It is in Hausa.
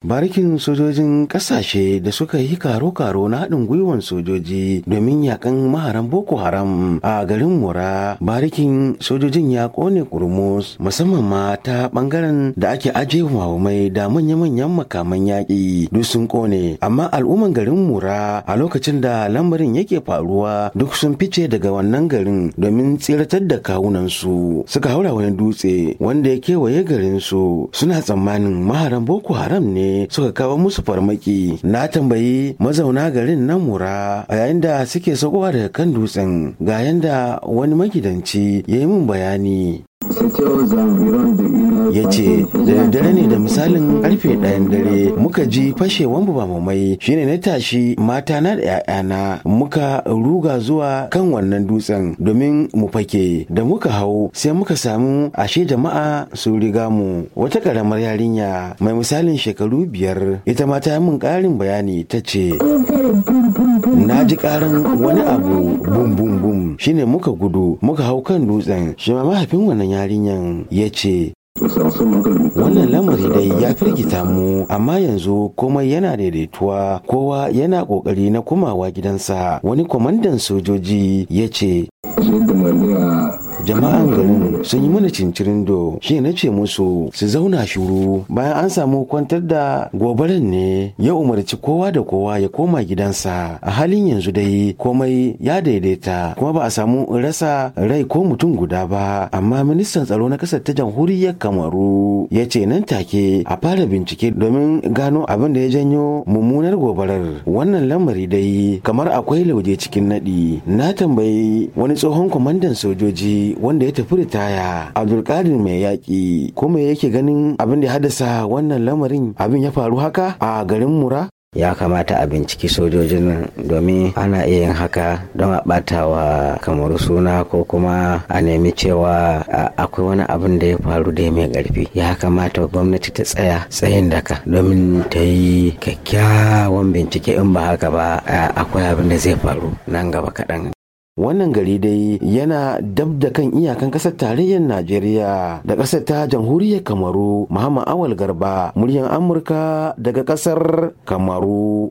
Barikin sojojin ƙasashe da suka yi karo-karo na haɗin gwiwan sojoji domin yakan maharan Boko Haram a garin Mura, barikin sojojin ya ƙone kurmus musamman ma ta ɓangaren da ake aje mai da manya-manyan makaman yaƙi duk sun ƙone. Amma al'umman garin Mura a lokacin da lamarin yake faruwa duk sun fice daga wannan garin domin tsiratar da kawunansu. Suka haura wani dutse wanda ya kewaye garinsu suna tsammanin maharan Boko Haram ne suka kawo musu farmaki na tambayi mazauna garin na mura a yayin da suke saukowa daga kan dutsen ga yanda wani magidanci ya yi min bayani ya ce da daddare ne da misalin karfe ɗayan dare muka ji fashewan bamamai shine na tashi mata na da ‘ya'yana muka ruga zuwa kan wannan dutsen domin mu fake da muka hau sai muka samu ashe jama'a su riga mu wata karamar yarinya mai misalin shekaru biyar ita ma ta min ƙarin bayani ta ce na ji ƙarin wani abu bum bum bum shine muka gudu muka hau kan dutsen shi ma mahaifin wannan yarinyar yarinyan ya ce Wannan lamari dai ya firgita mu amma yanzu komai yana daidaituwa kowa yana kokari na komawa gidansa wani kwamandan sojoji ya ce jama'an garin sun yi mana cincirin do shi na ce musu su zauna shuru bayan an samu kwantar da gobarin ne ya umarci kowa da kowa ya koma gidansa a halin yanzu dai komai ya daidaita kuma ba a samu rasa rai ko mutum guda ba amma ministan tsaro na kasar ta jamhuriyar kamaru ya ce nan take a fara bincike domin gano abin da ya janyo mummunar gobarar wannan lamari dai kamar akwai lauje cikin naɗi na tambayi wani wani tsohon kwamandan sojoji wanda ya tafi ritaya abdulkadir mai yaƙi ko me yake ganin abin da ya haddasa wannan lamarin abin ya faru haka a garin mura ya kamata a binciki sojojin domin ana iya yin haka don a ɓata wa kamaru suna ko kuma a nemi cewa akwai wani abin da ya faru da mai ƙarfi ya kamata gwamnati ta tsaya tsayin daka domin ta yi kyakkyawan bincike in ba haka ba akwai abin da zai faru nan gaba kaɗan wannan gari dai yana dab da kan iyakan kasar tarayyar najeriya da kasar ta jamhuriyar kamaru muhammad awal garba muryan amurka daga kasar kamaru